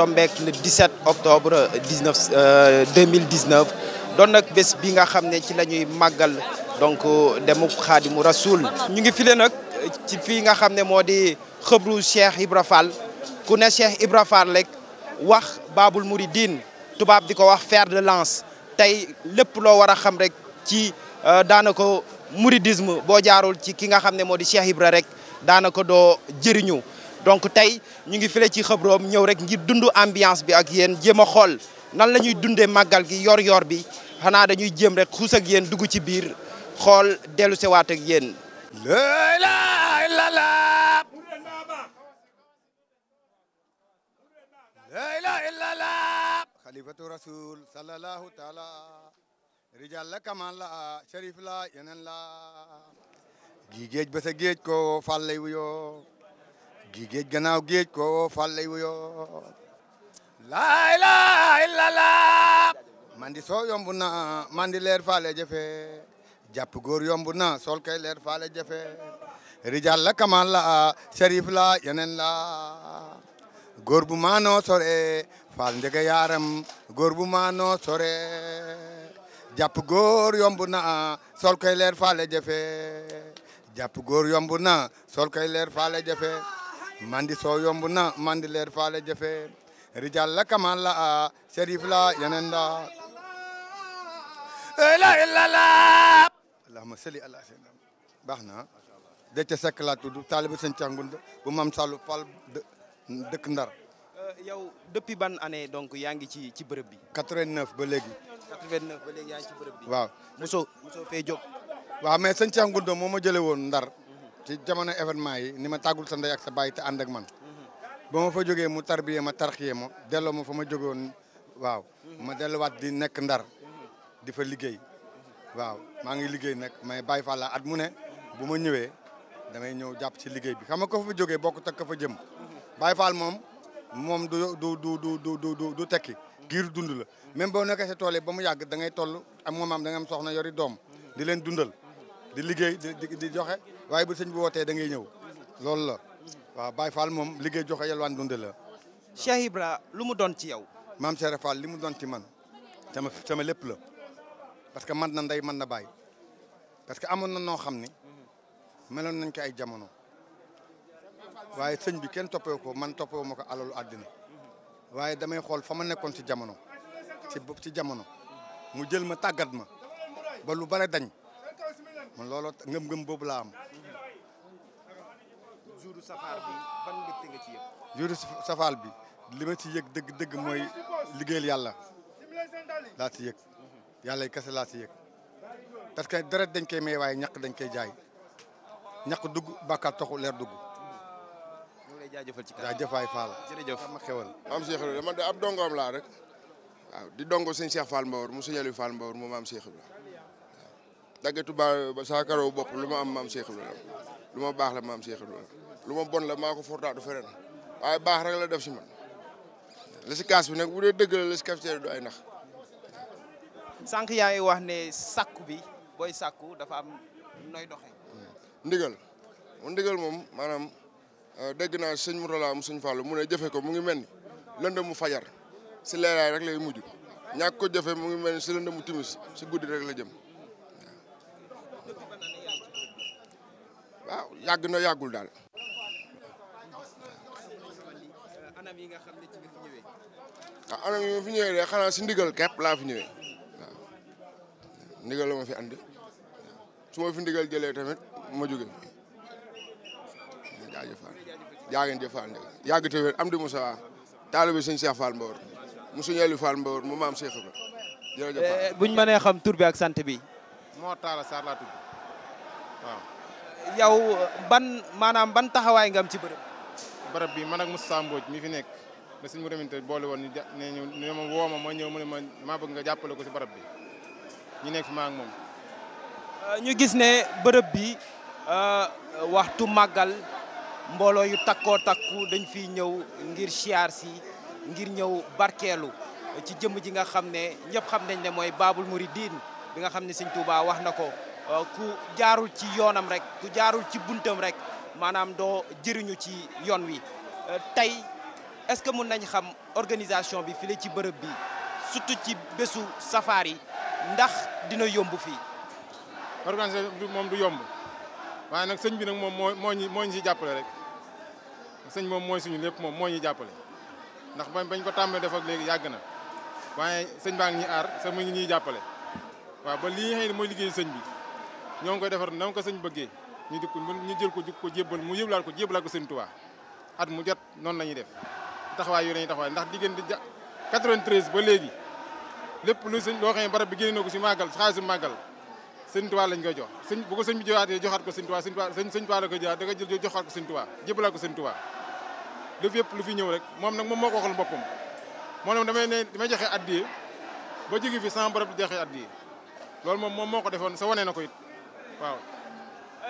tombeek le 17 octobre 19 euh, 2019 euh, doon nag bés bi nga xam ne ci la ñuy màggal donc euh, demu xaadimu rasul ñu ngi file nag ci fii nga xam ne moo di xëbru Cheikh Ibra Fall ku ne Cheikh Ibra Fall rek wax Baabul Mouridine tubaab di ko wax fer de lance tey lépp loo war a xam rek ci daanaka mouridisme boo jaarul ci ki nga xam ne moo di Cheikh Ibra rek daanaka doo jëriñu donc tey ñu ngi file ci xëbroom ñëw rek ngir dund ambiance bi ak yéen jéem a xool nan la ñuy dundee màggal gi yor-yor bi xanaa dañuy jéem rek xuus ak yéen dugg ci biir xool dellu sewaat ak yéen. xalifatu rasul sallallahu taala rijal la kamal la sharif la yeneen la gi géej ba sa géej ko fàllay wuyoo gi géej gannaaw géej ko fal lay wuyoo laa ilaaha illallaah mandi soo yomb na mandi leer faale jafe jàpp góor yomb na sol kay leer faale jafe rijal la kamal la sharif la yeneen góor bu maanoo sore faal ndege na sol kay leer faale jafe jàpp góor yomb na sol leer faale jafe mandi so yomb na mandi leer faale jafe rijal la kamal la a sharif la yeneen la la la allahumma salli ala sayyidina baax na de ca sekk laa tudd taaliba sëñ Cangund bu mam Sallu Fall dëkk Ndar euh, yow depuis ban année donc yaa ngi ci ci bërëb bi 89 ba léegi 89 ba léegi yaa ngi ci bërëb bi waaw mosoo mosoo fee moo ma jële woon Ndar ci jamono événement yi ni ma tàggul sa ndey ak sa bàyyi te ànd ak man ba ma fa jógee mu tarbiyee ma tarxiyee ma delloo ma fa ma jógoon waaw ma delluwaat di nekk ndar di fa liggéey waaw maa ngi liggéey nag may Baye Fall at mu ne bu ma ñëwee damay ñëw jàpp ci liggéey bi xam nga ko fa jógee bokk tak ka fa jëm Baye Fall moom moom du du du du du du tekki giir dund la même boo nekkee sa tool yi ba mu yàgg da ngay toll am moom am da nga am soxna yori doom di leen dundal di waaye bu sëñ bi wootee da ngay ñëw loolu la waaw Baye Fall moom liggéey joxe yalwaan dunde la. Cheikh Ibra lu mu doon ci yow. maam Cheikh Fall li mu doon ci man sama sama lépp la parce que man na ndey man na baay parce que amoon na noo xam ne meloon nañ ko ay jamono waaye sëñ bi kenn toppee ko man toppee ma ko alalu àddina waaye damay xool fa ma nekkoon ci jamono ci ci jamono mu jël ma tàggat ma ba lu bare dañ man looloo ngëm-ngëm boobu laa am. juru safaar bi ban mbégte yëg. li ma ci yëg dëgg dëgg mooy liggéeyal yàlla laa ci yëg yàlla yi kese laa si yëg parce que deret dañ koy may waaye ñaq dañ koy jaay ñaq dugg bàkkaar toxu leer dugg. ñu ngi lay ci kàddu jaajëf waay Fall. jërëjëf ma xewal. maam Cheikh Ibrahima man de di dongo sëñ Cheikh Fall mu sëñ Aliou Fall Mbawar mu maam Cheikh Ibrahima waaw. daggatu ba ba bopp lu ma am maam Cheikh Ibrahima lu baax la maam lu ma bon la maa ko fortaatu feneen waaye baax rek la def si man li si kaas bi nag bu dee dëgg la li si cafetière bi du ay nax. sànq yaa ngi wax ne sàkku bi booy sàkku dafa am nooy doxee. ndigal mu ndigal moom maanaam euh, dégg naa sëñ Mourala am sëñ Fallou mu ne jëfe ko mu ngi mel ni lëndëm mu fajar si leeraay rek lay mujj ñàkk ko jëfe mu ngi mel ni si lëndëm mu timis si guddi rek la jëm waaw yàgg na yàggul daal. anam yi nga xam ne ci nga fi ñëwee. ah anam yi nga fi ñëwee de xanaa si ndigal laa fi ñëwee ndigal la ma fi andi su ma fi ndigal jëlee tamit ma jóge jaajëf Fall jaa ngeen jëf Fall yàgg am di Moussa waaw taalibe sëñ Cheikh Fall Mbawar Moussa Ndiaye Fall Mbawar mu maam Cheikh Fall jërëjëf Fall. Eh, buñ mënee xam tur ak sant bi. moo Talla ban maanaam ban taxawaay nga am barab bi man ak Moussa Mbodj mi fi nekk ba suñu remonté boole woon ñu ja nee ñu nee ma woo ma ma ñëw mu ne ma maa bëgg nga jàppale ko si barab bi nekk fi maa moom. Euh, ñu gis ne bërëb bi euh, waxtu màggal mbooloo yu takkoo takku dañ fi ñëw ngir siyaar si ngir ñëw barkeelu ci jëmm ji nga xam ne ñëpp xam nañ ne mooy Baabul Muridiin bi nga xam ne Sëñ Tuubaa wax na ko euh, ku jaarul ci yoonam rek ku jaarul ci buntam rek. maanaam doo jëriñu ci yoon wi euh, tey est-ce que mun nañ xam organisation bi file ci bërëb bi surtout ci bésu safari ndax dina yomb fii. organisation bi moom du yomb waaye nag sëñ bi nag moom moo moo ñu moo ñu si rek sëñ moom mooy suñu lépp moom moo ñu jàppale ndax bañ bañ ko tàmbee def ak léegi yàgg na waaye sëñ baa ngi aar sa mu ngi ñuy jàppale waaw ba lii nga xam mooy liggéeyu sëñ bi ñoo ngi koy defar na ko sëñ bëggee. ñu di ko ñu jël ko di ko jébbal mu yëblaal ko jébbalaal ko Sëriñ Tuubaa at mu jot noonu la ñuy def taxawaay yooyu la ñuy di ndax diggante ja 93 ba léegi lépp lu sëñ loo xam ne barab bi génne ko si màggal xaalisu màggal Sëriñ Tuubaa lañ koy jox sëñ bu ko sëñ bi joxaatee joxaat ko Sëriñ Tuubaa Sëriñ Tuubaa Sëriñ Tuubaa la koy joxaat da nga jël joxaat ko Sëriñ Tuubaa jébbalaal ko Sëriñ Tuubaa lépp yëpp lu fi ñëw rek moom nag moom moo ko waxal boppam moo ne damay ne damay joxe addiye ba jóge fi sama barab di joxe addiye loolu moom moom moo ko defoon sa wane na ko it waaw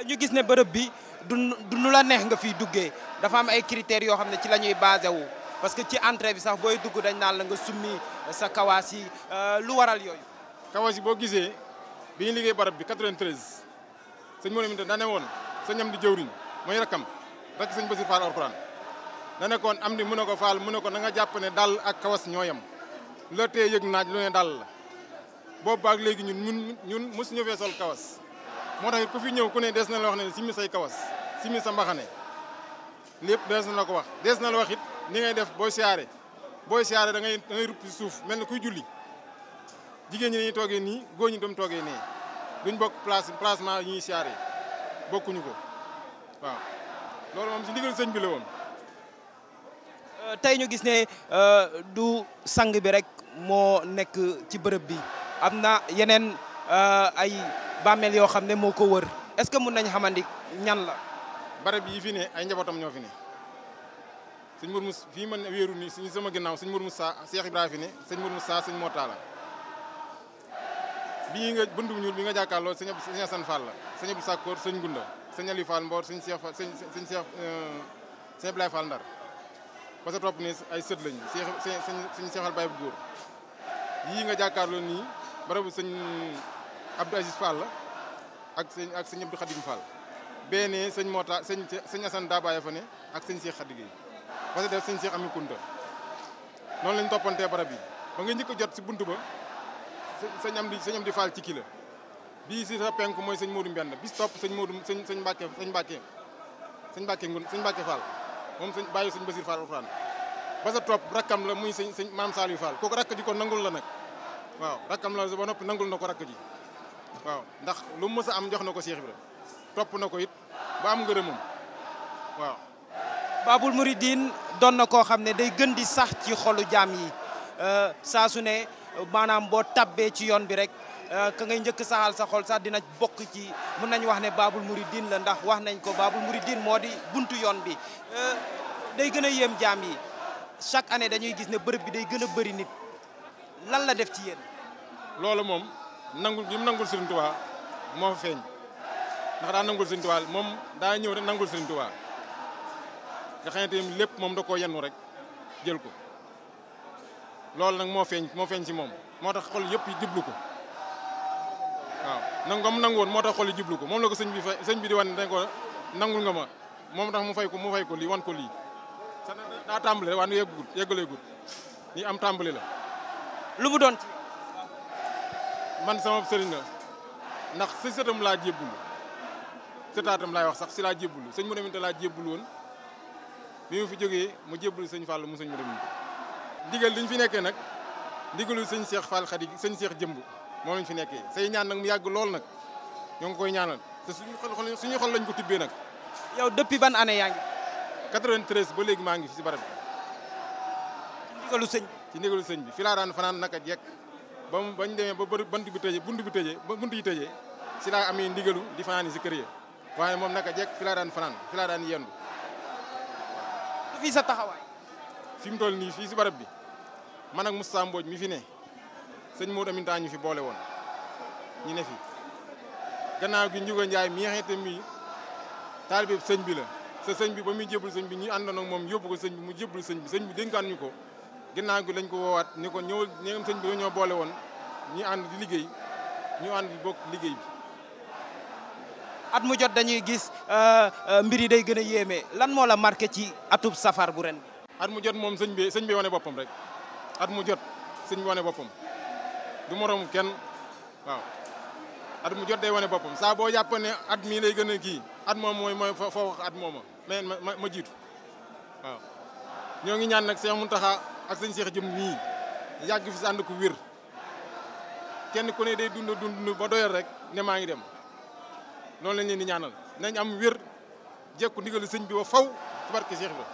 ñu gis ne bërëb bi du du nu la neex nga fiy duggee dafa am ay critères yoo xam ne ci la ñuy basé wu parce que ci entrée bi sax booy dugg dañ naan la nga summi sa kawaas yi euh, lu waral yooyu. kawaas yi boo gisee bi ñu liggéey bërëb bi 93 sëñ Mawone mi da ne woon sa ñam di jëwriñ mooy rakkam rek sëñ Basi Faal Alxuraan da nekkoon am di mu ne ko faal mu ne ko na nga jàpp ne dàll ak kawas ñoo yem la tee yëg naaj lu ne dàll la boobu baag léegi ñun ñun ñun mosuñu fee kawas. moo tax ku fi ñëw ku ne des na la wax ne simi say kawas simi sa mbaxane lépp des na la ko wax des na la wax it ni ngay def booy siyaare booy siyaare da ngay da ngay rupp si suuf mel na kuy julli jigéen ñi dañuy toogee nii góor ñi doom toogee nee duñ bokk place placement yi ñuy waaw loolu ndigal bi la woon euh, ñu gis ne euh, du sang bi rek moo nekk ci bërëb bi Euh, ay bàmmeel yoo xam ne moo ko wër est-ce que mun nañ xamandi ñan la barab yi fi ne ay njabootam ñoo fi ne sëñ mu Moussa fii man wéeru nii suñu sama ginnaaw sëñ Mour Moussa Cheikh Ibrahima fi ne sëñ Mour Moussa sëñ Motaala bii nga buntu ñuul bi nga jàkkaarloo sëñ sëñ Assane Fall la sëñ Abdou Sakkoor sëñ Gunda sëñ Aliou Fall Mbor sëñ Cheikh sëñ sëñ Cheikh euh, sëñ Abdoulaye Fall Ndar parce que topp ni ay sët lañu sëñ sëñ sëñ Cheikh Al Baye bu góor yii nga jàkkaarloo nii barabu sëñ Abdou Aziz Fall la ak sëñ ak sëñ Abdou Khadim Fall beneen sëñ Mota sëñ sëñ Assane Dabaye fa ne ak sëñ Cheikh Khady Gueye parce que def sëñ Cheikh Ami Kounta noonu lañ toppantee barab yi ba nga njëkk jot si buntu ba sëñ am di sëñ am di ci kii la bii si sa penk mooy sëñ Modou Mbend bis topp sëñ Modou sëñ sëñ Mbacke sëñ Mbacke sëñ Mbacke ngun sëñ Mbacke Fall moom sëñ bàyyi sëñ Basir Fall alxuraan ba sa topp rakkam la muy sëñ sëñ maam Saliou Fall kooku rakk ji ko nangul la nag waaw rakkam la ba noppi nangul na ko rakk ji waaw ndax lu mu mës a am jox na ko Cheikh Ibrahima topp na ko it ba am moom waaw. Babul Mouridine doon na koo xam ne day gën di sax ci xolu jaam yi euh, saa su ne maanaam boo tabbee ci yoon bi rek. Euh, ka ngay njëkk saxal sa xol sax dina bokk ci mën nañ wax ne Babul Mouridine la ndax wax nañ ko Babul Mouridine moo di buntu yoon bi euh, day gën a yéem jaam yi chaque année dañuy gis ne bërëb bi day gën a bëri nit lan la def ci yéen. loolu moom nangul bi mu nangul Serigne Touba moo fa feeñ ndax daa nangul Serigne Touba moom daa ñëw rek nangul Serigne Touba nga xamante lépp moom da koo yennu rek jël ko loolu nag moo feeñ moo feeñ ci moom moo tax xol yëpp jiblu ko waaw nangu nga mu moo tax xol yi jublu ko moom la ko sëñ bi fa sëñ bi di wan ne ko nangul nga ma moom tax mu fay ko mu fay ko lii wan ko lii sa daa tàmbali rek waaye nu yeggul yeggalee gud nii am tàmbali la man sama serigne la ndax si sëtam laa jébbulu sëtaatam laay wax sax ci la djeblu sëñ mu deminte laa jébbulu woon bi mu fi joge mu djeblu sëñ Fall mu sëñ mu deminte liñ fi nekké nak ndigalu sëñ Cheikh Fall Khady sëñ Cheikh djembu mo lañ fi nekké say ñaan nak mu yag lool nak ñong koy ñaanal te suñu xol xol suñu xol lañ ko tibbee nak yow depuis ban année yaangi 93 ba légui maangi fi ci barab ci ndigalu sëñ. ci ndigalu sëñ bi fi la daan fanan nak ak yek ba bañ demee ba bunt bi tëjee bunt bi tëjee ba bunt yi tëjee si laa amee ndigalu di fanaan si kër ya waaye moom naka jekk fi laa daan fanaan fi laa daan yendu. fii sa taxawaay. fi mu toll nii fii si barab bi man ak Moussa mi fi ne sëñ Maodo Aminta ñu fi boole woon ñu ne fi gannaaw gi Ndiouga Ndiaye mi nga xam mi taalibe sëñ bi la sa sëñ bi ba muy jébul sëñ bi ñu àndoon ak moom yóbbu sëñ bi mu jébul sëñ bi sëñ bi dénkaan ñu ko. ginnaaw gi lañ ko woowaat ni ko ñëwal ñi nga sëñ bi ñoo boole woon ñu ànd di liggéey ñu ànd di bokk liggéey at mu jot dañuy gis euh, euh, mbir yi day gën a yéeme lan moo la ci atub safar bu ren. at mu jot moom sëñ bi bi wane boppam rek at mu jot sëñ bi wane boppam du moroom kenn waaw at mu jot day wane boppam saa boo jàpp ne at mii lay gën kii at moom mooy mooy foo wax at mooma ma ma waaw ñoo ngi ñaan nag Cheikh Mountakha ak sëñ seex Jëm nii yàgg fi si ànd ko wér kenn ku ne day dund dund ba doyal rek ne maa ngi dem loolu lañ leen di ñaanal nañ am wér jekku ndigalu sëñ bi ba faw ci barke Cheikh ba.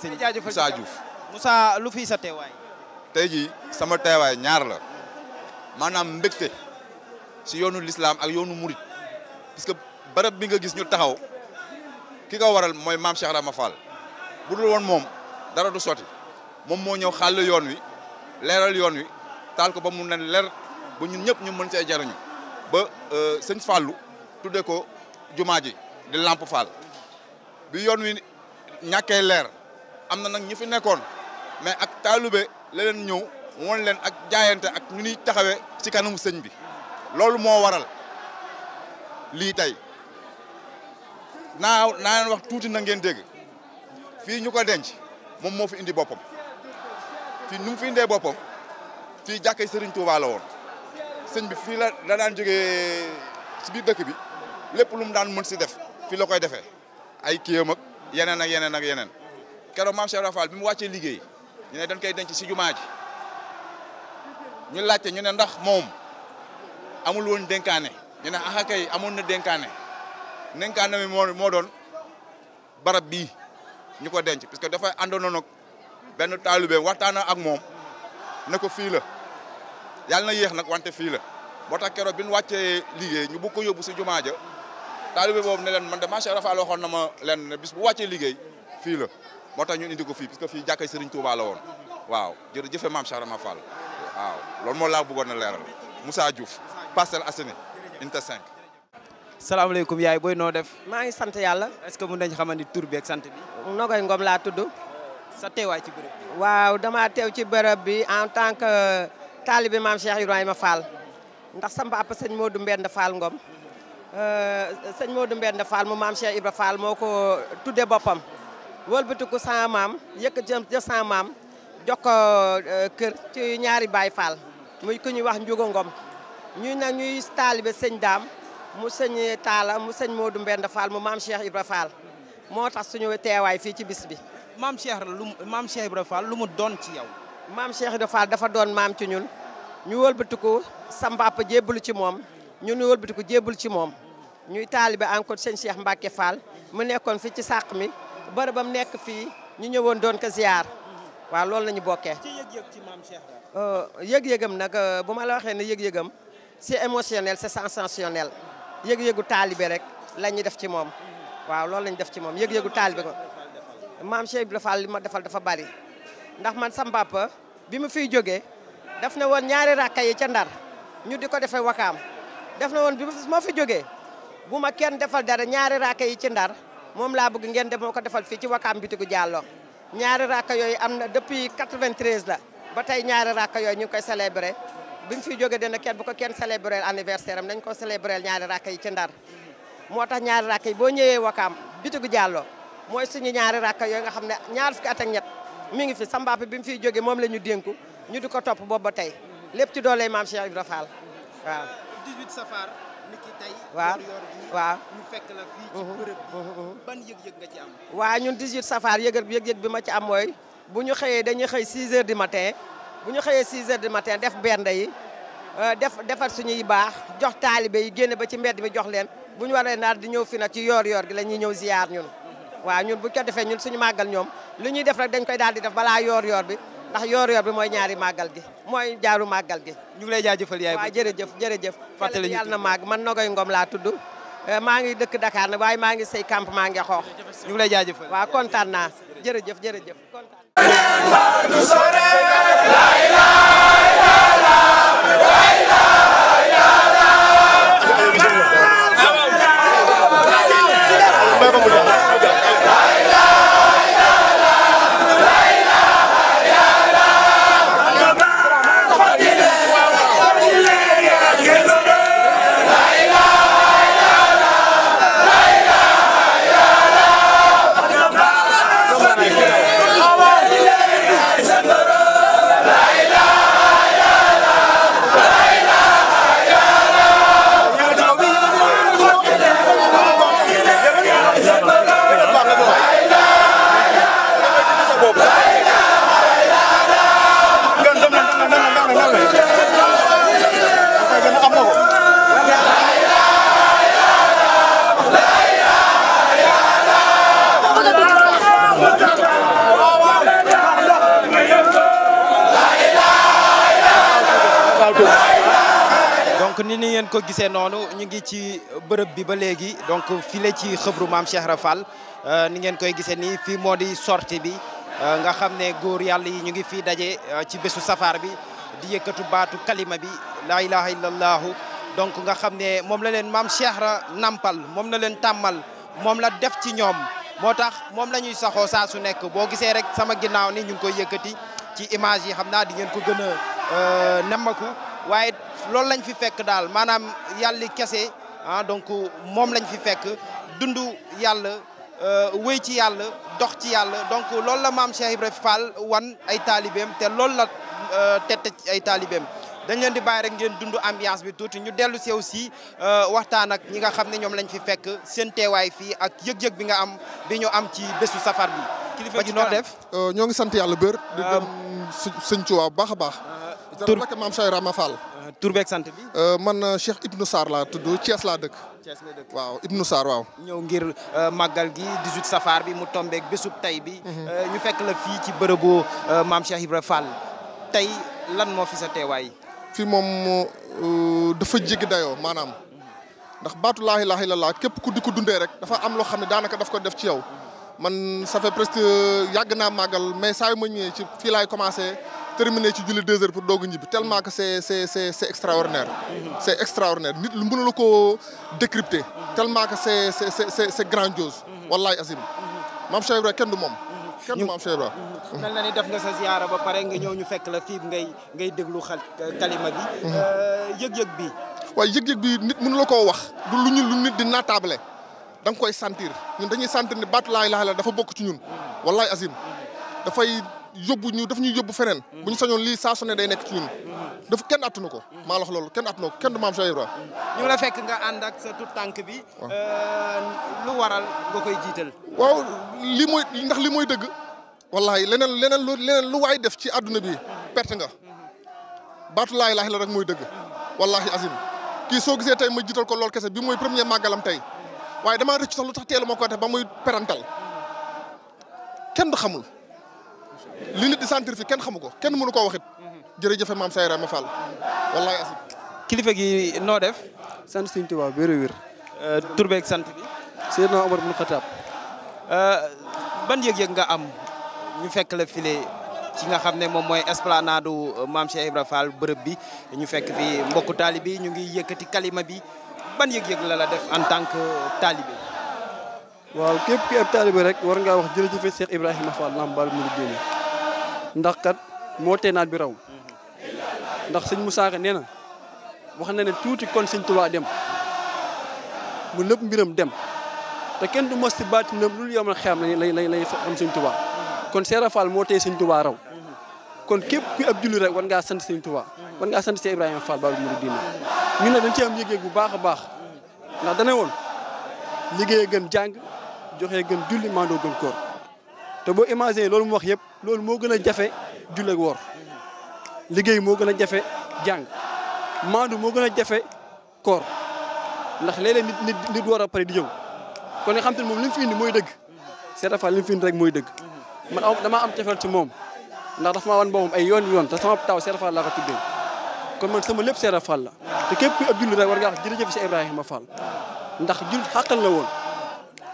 sëñ Moussa Diouf Moussa lu fii sa teewaay. tey jii sama teewaay ñaar la maanaam mbégte si yoonu lislaam ak yoonu murit parce que barab bi nga gis ñu taxaw ki ko waral mooy maam Cheikh Rama Fall bu dul woon moom dara du sotti. moom moo ñëw xàll yoon wi leeral yoon wi taal ko ba mu leen leer ba ñun ñëpp ñu mën see jariñu ba euh, sëñ Fallou tuddee ko jumaa ji di Lamp Fall bi yoon wi ñàkkee leer am na nag ñu fi nekkoon mais ak taalube la leen ñëw woon leen ak jaayante ak ñu taxawe taxawee ci kanamu sëñ bi loolu moo waral lii tey naa naa leen wax tuuti na ngeen dégg fii ñu ko denc moom moo fi indi boppam fii nu fi indee boppam fii jàkkay sëriñ Touba la woon sëñ bi fii la da daan jóge si biir dëkk bi lépp lu mu daan mën si def fii la koy defee ay kiyam yeneen ak yeneen ak yeneen keroog maam Cheikh Rafal bi mu wàccee liggéey ñu ne dañ koy denc si jumaa ji ñu laajte ñu ne ndax moom amul woon dénkaane ñu ne axa kay amoon na dénkaane dénkaane mi moo moo doon barab bii ñu ko denc parce que dafa àndoon benn taalibe waxtaan ak moom ne ko fii la yàlla na yéex nag wante fii la moo tax keroog bi ñu wàccee liggéey ñu bukko ko yóbbu si jumaa ja taalibe boobu ne leen man de macha allah Fall waxoon na ma leen ne bis bu wàccee liggéey fii la moo tax ñu indi ko fii parce que fii jàkkay Serigne Touba la woon waaw jërëjëf maam Cheikh ma Fall waaw loolu moo laa bëggoon na leeral Moussa Diouf Parcelles Assainies Unité 5. salaamaaleykum yaay booy noo def. maa ngi sant yàlla. est-ce que mën nañu xamante ni sant bi. sa teewaay ci bërëb bi. waaw dama teew ci bërëb bi en tant que taalibe maam Cheikh Ibrahima Fall ndax sa papa sëñ Modou Mbend euh, mu maam Cheikh moo ko tuddee boppam wëlbatiku yëkk jëm jë maam jox ko euh, kër ci ñaari Baay Fall muy ku ñuy wax Njugo ñuy nag ñuy taalibe sëñ daam mu sëñ Taala mu sëñ Modou Mbend Fall mu maam Cheikh Ibra Fall moo tax suñu teewaay fii ci bis bi. maam Cheikh lu maam Cheikh Ibra Fall lu mu doon ci yow. maam Cheikh Ibra Fall dafa doon maam ci ñun ñu wëlbatiku sa mbàpp jébbalu ci moom ñu nu wëlbatiku jébbalu ci moom ñuy taalibe encore sëñ Cheikh Mbacke Fall mu nekkoon fi ci sàq mi bari ba mu nekk fii ñu ñëwoon doon ko ziar waaw loolu la ñu bokkee. ci yëg-yëg ci euh, yëg-yëgam nag euh, bu ma la waxee ne yëg-yëgam c'est émotionnel c'est sensationnel yëg-yëgu taalibe rek la ñuy def ci moom waaw loolu la ñu def ci moom yëg-yëgu taalibe ko. maam Cheikh Ibrahima Fall li ma defal dafa bari ndax man sambapa bi mu fiy jógee daf na woon ñaari rakka yi ca ndar ñu di ko defee wakaam def na woon bi ma fi jógee bu ma kenn defal dara ñaari rakka yi ci ndar moom laa bëgg ngeen dem moo ko defal fii ci wakaam bitigu jàlloo ñaari rakka yooyu am na depuis 93 la ba tey ñaari rakka yooyu ñu ngi koy célébrer bi mu fi jógee dana kenn bu ko kenn célébrer anniversaire am nañ ko célébrer ñaari rakka yi ci ndar moo tax ñaari rakka yi boo ñëwee wakaam bitigu jàlloo mooy suñu ñaari rakk yooyu nga xam ne ñaar fukki at ak ñett mi ngi fi sambaap bi mu fiy jógee moom la ñu dénku ñu di ko topp boobu ba tey lépp ci dooley maam Cheikh Ibra Fall waaw. 18 safar niki tey. waaw waaw fekk la fii bi yëg-yëg nga ci waaw ñun 18 safar yëg-yëg bi ma ci am mooy bu ñu xëyee dañuy xëy 6 heures du matin bu ñu xëyee 6 heures du matin def bernde yi euh, def defar suñuy baax jox taalibe yi génne ba ci mbedd mi jox leen bu ñu waree naar di ñëw fi nag ci yoor-yoor gi la ñuy ñëw ziyaar ñun. waaw ñun bu ko defee ñun suñu màggal ñoom lu ñuy def rek dañ koy daal di def balaa yoor yor bi ndax yoor-yoor bi mooy ñaari màggal gi mooy jaaru màggal gi. ñu ngi lay jaajëfal yaay waaw jërëjëf jërëjëf. fàttali ñu a na màgg man Nogoy Ngom laa tudd. Eh, maa ngi dëkk Dakar nag waaye maa ngi say camp maa ngi xoox. ñu ngi lay jaajëfal waaw kontaan naa jërëjëf jërëjëf kontaan. gisee noonu ñu ngi ci bërëb bi ba léegi donc file ci xëbru maam Cheikh Rafal euh, ni ngeen koy gisee nii fii moo di sorti bi euh, nga xam ne góor yàlla yi ñu ngi fii daje euh, ci bésu safaar bi di yëkkatu baatu kalima bi laa ilaha illallahu donc nga xam ne moom la leen mam Cheikh Ra nampal moom la leen tàmmal moom la def ci ñoom moo tax moom la ñuy saxoo saa su nekk boo gisee rek sama ginnaaw ni ñu ngi koy yëkkati ci image yi xam naa di ngeen ko gën a nemmaku waye lolou lañ fi fekk dal manam yàlla kese hein donc mom lañ fi fekk dundu yalla euh wéy ci yalla dox ci yalla donc lolou la maam Cheikh ibrahim Fall wan ay talibem té lolou la euh, tété ay talibem dañ leen di bàyyi rek ngeen dundu ambiance bi tuuti ñu déllu ci aussi euh waxtaan ak ñi nga xamné ñom lañ fi fekk seen teewaay fi ak yeg yeg bi nga am bi ñu am ci bëssu safar bi. kilifa gi no def. Euh, ñoo ngi sant yalla bër. di euh, gërëm sëñ Tuubaa bu baax baax. tur la maam Cheikh Ibrahima Fall. Euh, tur beeg sant bi. Euh, man euh, Cheikh Ibnu Sarr laa tudd Thiès laa dëkk. Thiès dëkk waaw nu Sarr waaw. ñëw ngir màggal gi 18 safaar bi mu tombeeg bésub tey bi. Mhm. ñu fekk la fii ci bërëbu maam Cheikh Ibrahima Fall tey lan moo fi sa teewaay. fii moom dafa jéggi dayoo maanaam. ndax baatu laa ilaaha illallaah képp ku di ko dundee dafa am loo xam ne daanaka daf ko def ci yow. man naa màggal mais saa yu commencé. terminé ci julli 2 heures pour dogu a tellement que c'est c'est c'est extraordinaire. c'est extraordinaire nit lu mënu la décrypter. tellement que c'est c'est c'est c'est grandiose. wallahi azim mam Cheikh Ibrahima kenn du mom kenn du maam Cheikh Ibrahima. mel na ni def nga sa ziyara ba pare nga ñëw ñu fekk la fi ngay ngay déglu xal kalima bi. Mhm. euh yeg yeg bi. waaye yeg yeg bi nit mënu la wax. du lu ñu lu nit di naataable. dang koy sentir ñun dañuy sentir ni baatu la ilaha illa dafa bokk ci ñun. wallaay azim fay yóbbu ñu daf ñuy yóbbu feneen mm-hmm. bu ñu sañoon lii saa su ne day nekk ci ñu mm-hmm. dafa kenn attunu ko mm-hmm. maa lax loolu kenn attunu ko kenn du maam Cheikh Ibra la fekk nga ànd ak sa tout bi euh, lu waral nga koy jiital waaw li mooy ndax li mooy dëgg wallahi leneen leneen lu leneen lu waay def ci àdduna bi perte nga baatu laay laahi la rek mooy dëgg wallahi azim kii soo gisee tey ma jiital ko lool kese bi mooy premier màggalam tey waaye dama rëcc sax lu tax teelu ma ba muy perantal kenn du xamul li nit di sentir fi kenn xamu kenn mënu ko waxit jërëjëf maam Sayra ma Fall wallahi asi kilifa gi no def sant Sëriñ Tuubaa wér euh tourbe ak sante bi Seydina Omar bin Khattab eh, ban yeg yeg nga am ñu fekk la filé ci nga xamné mom moy esplanade maam Cheikh Ibra Fall bërëb bi ñu fekk fi talib bi ñu ngi yëkëti kalima bi ban yeg yeg la la def en tant que talib waaw képp ki ab talib rek war nga wax jërëjëf Cheikh ibrahim Fall lambal mu ngi ndax kat moo te naat bi raw ndax sëñ mu Ka nee na wax na ne tuuti kon sëñ Tuubaa dem mu lépp mbiram dem te kenn du mos si baati ndam lu yomal na lay lay lay am sëñ Tuubaa kon Seera Fall moo te sëñ Tuubaa raw kon képp ku ab julli rek war ngaa sant sëñ Tuubaa war ngaa sant si Ibrahima Fall Baabul Muridiina ñu ne dañ ci am yëg-yëg bu baax a baax ndax dana woon liggéey gën jàng joxe gën julli maandoo gën koor te boo imaginer loolu mu wax yëpp loolu moo gën a jafe julli ak woor liggéey moo gën a jafe jàng maandu moo gën a jafe koor ndax léeg-léeg nit nit nit a pare di ñëw kon nga xam te moom li mu fi indi mooy dëgg Seydou Fall li mu fi indi rek mooy dëgg man am cofeel ci moom ndax dafa maa wan boppam ay yoon yoon te sama taw Seydou Fall laa ko tuddee kon man sama lépp Seydou Fall la te képp kuy ab julli rek war ngaa wax jërëjëf si Ibrahima Fall ndax jul xàqal la woon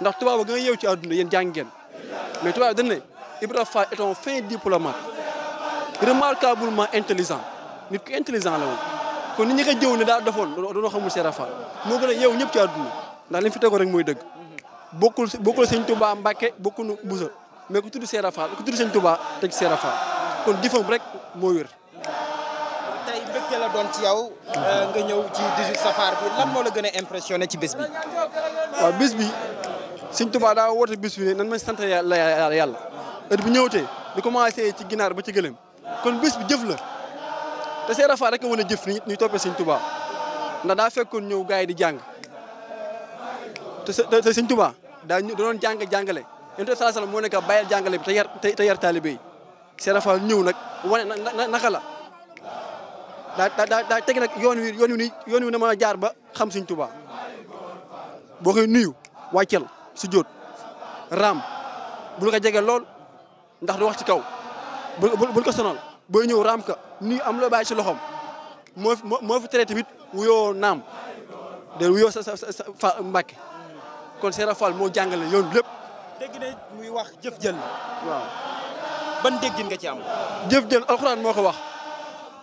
ndax tubaab gën a yeew ci àdduna yéen jàng mais tubaab dañ ne Ibra Fall est un fin diplomate remarquablement intelligent nit ku intelligent la woon. kon nit ñi ko jëw ne daal defoon doonoo xamul Cheikh Fall moo gën a yow ñëpp ci àdduna ndax li mu fi tegoon rek mooy dëgg bokkul bokkul sëñ Touba Mbacke bokkul Boussa mais ku tudd Cheikh Fall ku tudd sëñ Touba teg Cheikh Fall kon difam rek moo wér. tey mbégte la doon ci yow. Euh, nga ñëw ci 18 safar bi moo la gën a impressionné ci bés bi. waaw Sëñ Tuubaa daa woote bis bi ne nan ma sant yàlla yàlla heure bu ñëwtee di commencé ci ginaar ba ci gëléem kon bis bu jëf la te Seera Fall rek a jëf ni ñuy toppee Sëñ Tuubaa ndax daa fekkoon ñëw gars yi di jàng te te Sëñ daa ñu doon jàng jàngale yonent bi sallallahu alayhi wasallam moo nekk bàyyil jàngale bi te yar te yar taalibe yi Seera Fall ñëw nag wane na naka la daa daa daa teg nag yoon wi yoon wi yoon wi na mën a jaar ba xam Sëñ Tuubaa boo koy nuyu wàcceel sujjóot raam bul ko jege lool ndax du wax ci kaw bul ko sonal booy ñëw raam ka nii am loo bàyyi ci loxoom moo fi moo fi tere tamit wuyoo naam de wuyoo sa sa sa kon Serap Fall moo jàngale yoon lépp. dégg muy wax jëf jël waaw ban déggin nga ci am. jëf jël alxuraan moo ko wax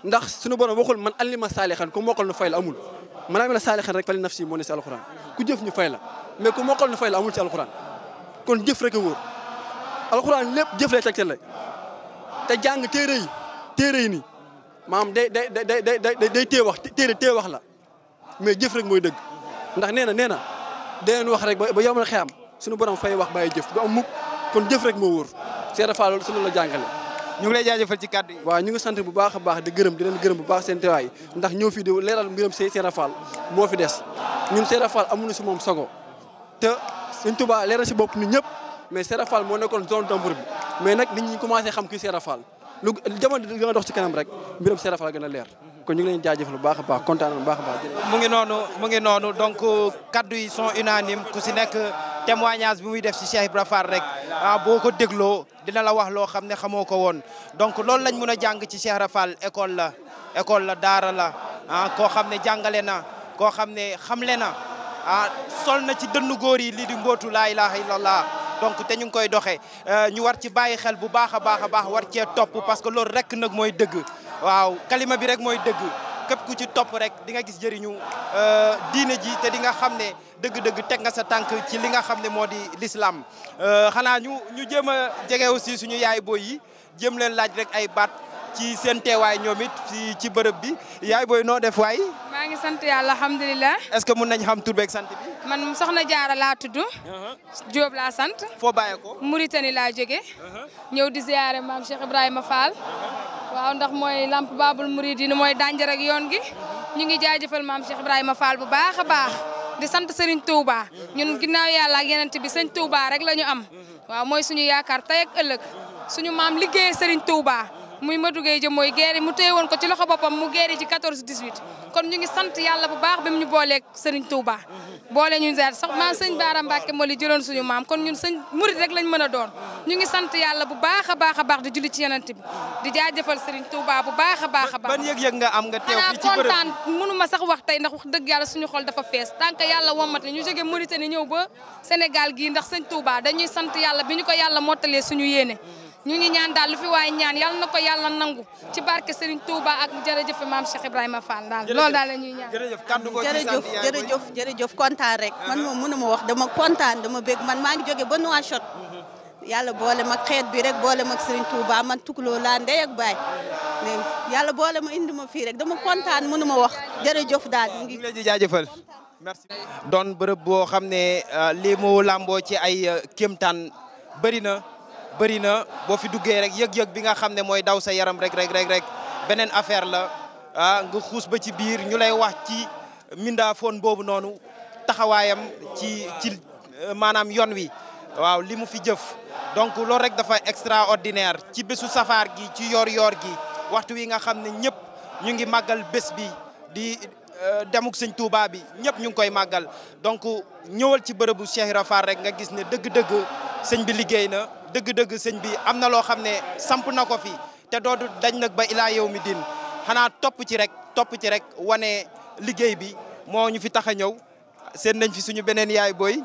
ndax sunu borom waxul man allima saalixan ku mokkal nu fay la amul man amee la saalixan rek fali nafsi moo ne si alxuraan ku jëf ñu fay la mais ku mokkal ñu fay la amul ci alxuraan kon jëf rek a wóor alxuraan lépp jëf lay tegtal la te jàng téere yi téere yi nii maanaam day day day day day tee wax téere tee wax la mais jëf rek mooy dëgg ndax nee na nee na deneen wax rek ba ma yomal xeyam suñu borom fay wax bàyyi jëf du am kon jëf rek moo wóor seera faaloolu su loolu la jàngale ñu ngi lay jaajëfal ci kàddu yi waaw ñu ngi sant bu baax a baax di gërëm di leen gërëm bu baax seen teewaay ndax ñëw fi di leeral mbiram Serigne Fall moo fi des ñun Serigne Fall amuñu si moom sago te Serigne Touba leeral si bopp ni ñëpp mais Serigne Fall moo nekkoon zone d'ombre bi mais nag nit ñi commencé xam ki Serigne Fall lu jamono gën dox ci kanam rek mbiram Serigne Fall gën a leer kon ñu ngi leen jaajëfal bu baax a baax kontaan bu baax a baax mu ngi noonu mu ngi noonu donc kaddu yi sont unanimes ku si nekk témoignage bi muy def si Cheikh Ibra Fall rek ah boo ko dégloo dina la wax loo xam ne xamoo ko woon donc loolu lañ mun a jàng ci Cheikh Rafal école la école la daara la ah koo xam ne jàngale na koo xam ne xam le na ah sol na ci dënnu góor yi lii di mbootu laa ilaha illallah donc te ñu ngi koy doxee euh, ñu war ci bàyyi xel bu baax a baax a baax war cee topp parce que loolu rek nag mooy dëgg waaw kalima bi rek mooy dëgg képp ku ci top rek dinga nga gis jëriñu euh, diine ji te di nga xam ne dëgg-dëgg teg nga sa tànk ci li nga xam ne moo di l'islam euh, xanaa ñu ñu jéem a jege aussi suñu yaay bo yi jëm leen laaj rek ay baat ci seen teewaay ñoom it ci ci bërëb bi yaay booy noo def waay. maa ngi sant yàlla alhamdulilah. est-ce que mun nañ xam tur beeg sant bi. man soxna Jaara laa tudd. Diop uh-huh. laa sant. foo bàyyee ko. Mauritanie laa jóge uh-huh. ñëw di ziare maam Cheikh Ibrahima Fall. Uh-huh. waaw ndax mooy lamp baabul muridin mooy dànjar ak yoon gi ñu ngi jaajëfal maam Cheikh Ibrahima faal bu baax a baax di sant Serigne Touba ñun ginnaaw yàlla ak yeneen bi Serigne Touba rek la ñu am waaw mooy suñu yaakaar tey ak ëllëg suñu maam liggéey Serigne Touba. muy ma Gueye jëm mooy geeri mu téye woon ko ci loxo boppam mu geeri ci 14 18 kon ñu ngi sant yàlla bu baax bi mu ñu booleeg Serigne Touba boole ñu ziar sax maam sëñ Baara Mbacke moo li jëloon suñu maam kon ñun sëñ murit rek lañ mën doon ñu ngi sant yàlla bu baax a baax a baax di julli ci yenant bi di jaa jëfal Serigne Touba bu baax a baax a baax ban yëg nga am nga teew fii ci kontaan mënu sax wax tey ndax wax dëgg yàlla suñu xol dafa fees tant que yàlla wommat ñu jóge Mauritanie ñëw ba Sénégal gii ndax sëñ Touba dañuy sant yàlla bi ñu ko yàlla mottalee suñu yéene ñu ngi ñaan daal lu fi waaye ñaan yalla na ko yàlla nangu ci barke Serigne Touba ak jërëjëf maam Cheikh Ibrahima Fall daal loolu daal la ñuy ñaan jërëjëf jërëjëf jërëjëf kontaan rek man moom mënu ma wax dama kontaan dama bég man maa ngi jóge ba Nouakchott mhm. yàlla boole ma xeet bi rek boole ma Serigne Touba man tukuloo laa ndey ak baay mais yàlla boole ma indi ma fii rek dama kontaan mënu ma wax jërëjëf daal ñu ngi leen di jaajëfal merci doon bërëb boo xam ne euh, lii mu làmboo ci ay euh, kéemtaan bëri na bari na bo fi duggé rek yëg-yëg bi nga xamné moy daw sa yaram rek rek rek rek benen affaire la ah nga xuus ba ci biir ñu lay wax ci fon bobu nonu taxawayam ci ci euh, manam yoon wi waaw limu fi jëf donc lo rek dafa extraordinaire ci bésu safar gi ci yor yor gi waxtu wi nga xamné ñepp ñu ngi magal bes bi di euh, demuk seigne Touba bi ñepp ñu koy magal donc ñewal ci bërebu Cheikh rafar rek nga gis ne deug deug seigne bi liggéey na. dëgg-dëgg sëñ bi am na loo xam ne samp na ko fi te doodu dañ nag ba ilaa yow mi din xanaa topp ci rek topp ci rek wane liggéey bi moo ñu fi tax a ñëw seen nañ fi suñu beneen yaay booy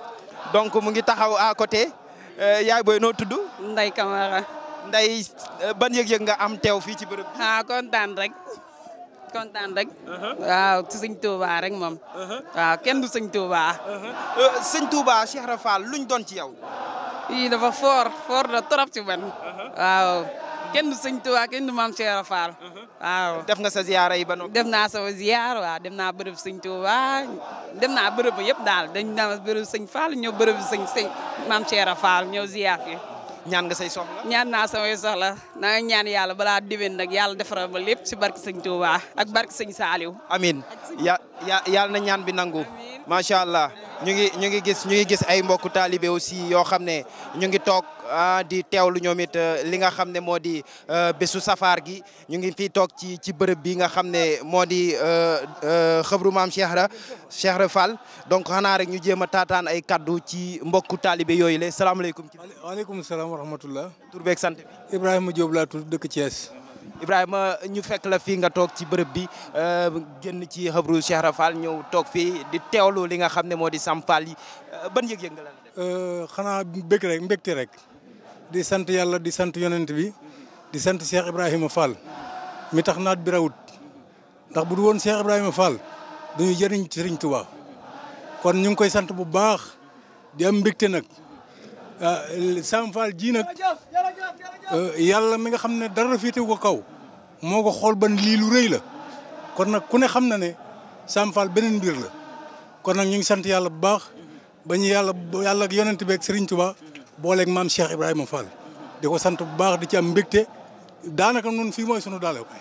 donc mu ngi taxaw a côté euh, yaay boy noo tudd. Ndeye Camara. Ndeye euh, ban yëg-yëg nga am teew fii ci bërëb. ah kontaan rek. kontaan rek. Uh-huh. waaw ci sëñ Touba rek moom. Uh-huh. kenn du sëñ Touba. Uh-huh. Euh, sëñ Touba Cheikh luñ doon ci yow. yii dafa fort fort na trop ci man. waaw kenn du sëñ Tuubaa kenn du maam Cheikh Fall. waaw def nga sa ziyaara yi ba noppi. def naa sama ziyaar waaw dem naa bërëb sëñ Tuubaa dem naa bërëb yëpp daal dañ naa bërëb sëñ Fall ñëw bërëb sëñ sëñ maam Cheikh Fall ñëw ziyaar fi ñaan nga say soxla ñaan naa samay soxla na ñaan yàlla balaa déwén nag yàlla defaral ba lépp si barke sëñ Touba ak barke sëñ Saliou amin ya ya yàlla na ñaan bi nangu macha allah ñu ngi ñu ngi gis ñu ngi gis ay mbokku taalibe aussi yoo xam ne ñu ngi toog ah di teewlu ñoom it eh, li nga xam ne moo di eh, bésu safaar gi ñu ngi fii toog ci ci bërëb bi nga xam ne moo di eh, xëbru maam Cheikh Ra Cheikh Ra donc xanaa rek ñu jéem a taataan ay kaddu ci mbokku taalibe yooyu le la salaamaaleykum. waaleykum salaam wa rahmatullah. tur beeg sant bi. Ibrahima Diop laa tudd dëkk Thiès. Ibrahima ñu fekk la fii nga toog ci bërëb bi génn ci xëbru Cheikh Ra Fall ñëw toog fii di teewlu li nga xam ne moo di Sam Fall yi ban yëg-yëg nga la. xanaa mbégte rek mbégte rek. di sant yàlla di sant yonent bi di sant Cheikh Ibrahima fal mi tax naat bi rawut ndax bu du woon Cheikh Ibrahima Fall duñu jëriñ Sëriñ Tuubaa kon ñu ngi koy sant bu baax di am mbégte nag ah, Sam Fall ji nag eh, yàlla mi nga xam ne dara féetewu ko kaw moo ko xool ban lii lu rëy la kon nag ku ne xam na ne Sam Fall beneen mbir la kon nag ñu ngi sant yàlla bu baax ba ñu yàlla yàlla ak yonent bi ak Sëriñ booleeg maam Cheikh Ibrahima Fall di ko sant bu baax di ci am mbégte daanaka nun fii mooy sunu daale koy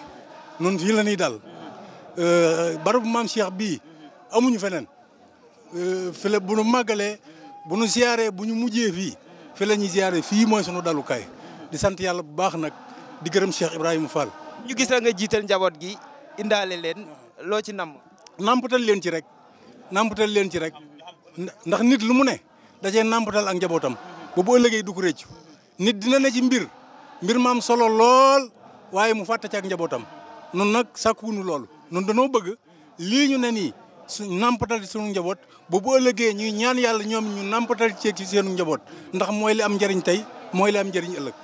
nun fii la ñuy dal euh, barabu maam Cheikh bii amuñu feneen euh, fi la bu nu màggalee bu nu ziaree bu ñu mujjee fii fi la ñuy ziaree fii mooy sunu dalukaay di sant yàlla bu baax nag di gërëm Cheikh Ibrahima Fall. ñu gisa nga jiital njaboot gi indaale leen loo ci namm. nampatal leen ci rek nampatal leen ci rek ndax nit lu mu ne dajee nampatal ak njabootam. ba bu ëllëgee du ko rëcc nit dina ne ci mbir mbir ma am solo lool waaye mu fàtte ci ak njabootam nun nag sàkkuwunu lool nun danoo bëgg lii ñu ne nii su nampatal ci sunu njaboot ba bu ëllëgee ñuy ñaan yàlla ñoom ñu nampatal ci ci seenu njaboot ndax mooy li am njariñ tey mooy li am njëriñ ëllëg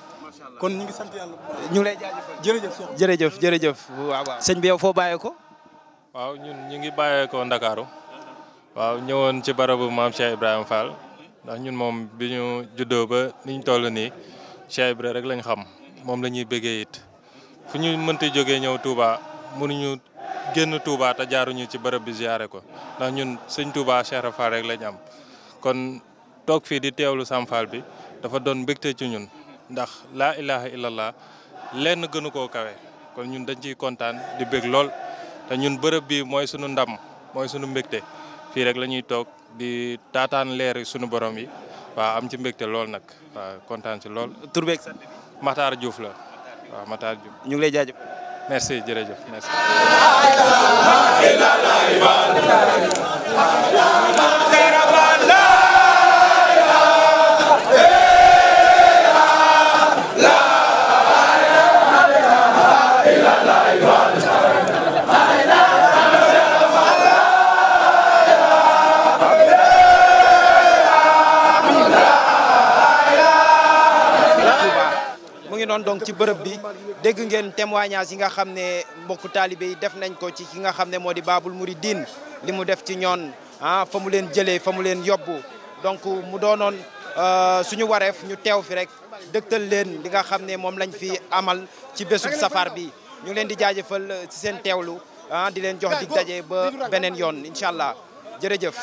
kon ñu ngi sant yàlla ñu ngi lay jërëjëf jërëjëf jërëjëf waaw waaw sëñ bi yow foo bàyyee ko waaw ñun ñu ngi bàyyee ko Ndakaaru waaw ñëwoon ci barabu maam Ibrahima Fall ndax ñun moom bi ñu juddoo ba ni ñu toll nii Cheikh Ibra rek lañ xam moom la ñuy bëggee it fu ñu mënti jógee ñëw Touba mënuñu génn Touba te jaaruñu ci bërëb bi ziare ko ndax ñun sëñ Touba Cheikh Ibra rek lañ am kon toog fii di teewlu Samfal bi dafa doon mbégte ci ñun ndax laa ilaha illallah lenn gënu ko kawe kon ñun dañ ci kontaan di bég lool te ñun bërëb bii mooy sunu ndam mooy sunu mbégte. fii rek la ñuy toog di taataan leer suñu borom yi waaw am ci mbégte lool nag waaw kontaan ci lool. tur beeg sant bi. Matar Diouf la waaw Matar Diouf. ñu ngi lay jaajëf. merci jërëjëf merci. ci bërëb bi dégg ngeen témoignage yi nga xam ne mbokku taalibe def nañ ko ci ki nga xam ne moo di Baabul Muridiin li mu def ci ñoon ah fa mu leen jëlee fa mu leen yóbbu donc mu doonoon euh, suñu wareef ñu teew fi rek dëgtal leen li nga xam ne moom lañ fi amal ci bésub safar bi ñu leen di jaajëfal euh, ci seen teewlu ah di leen jox di daje ba beneen yoon incha allah jërëjëf.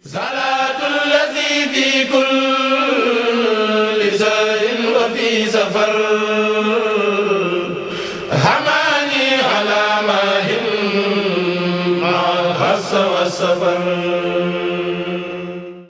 صلاة الذي في كل زار وفي سفر حماني على ماهن مع الحس والسفر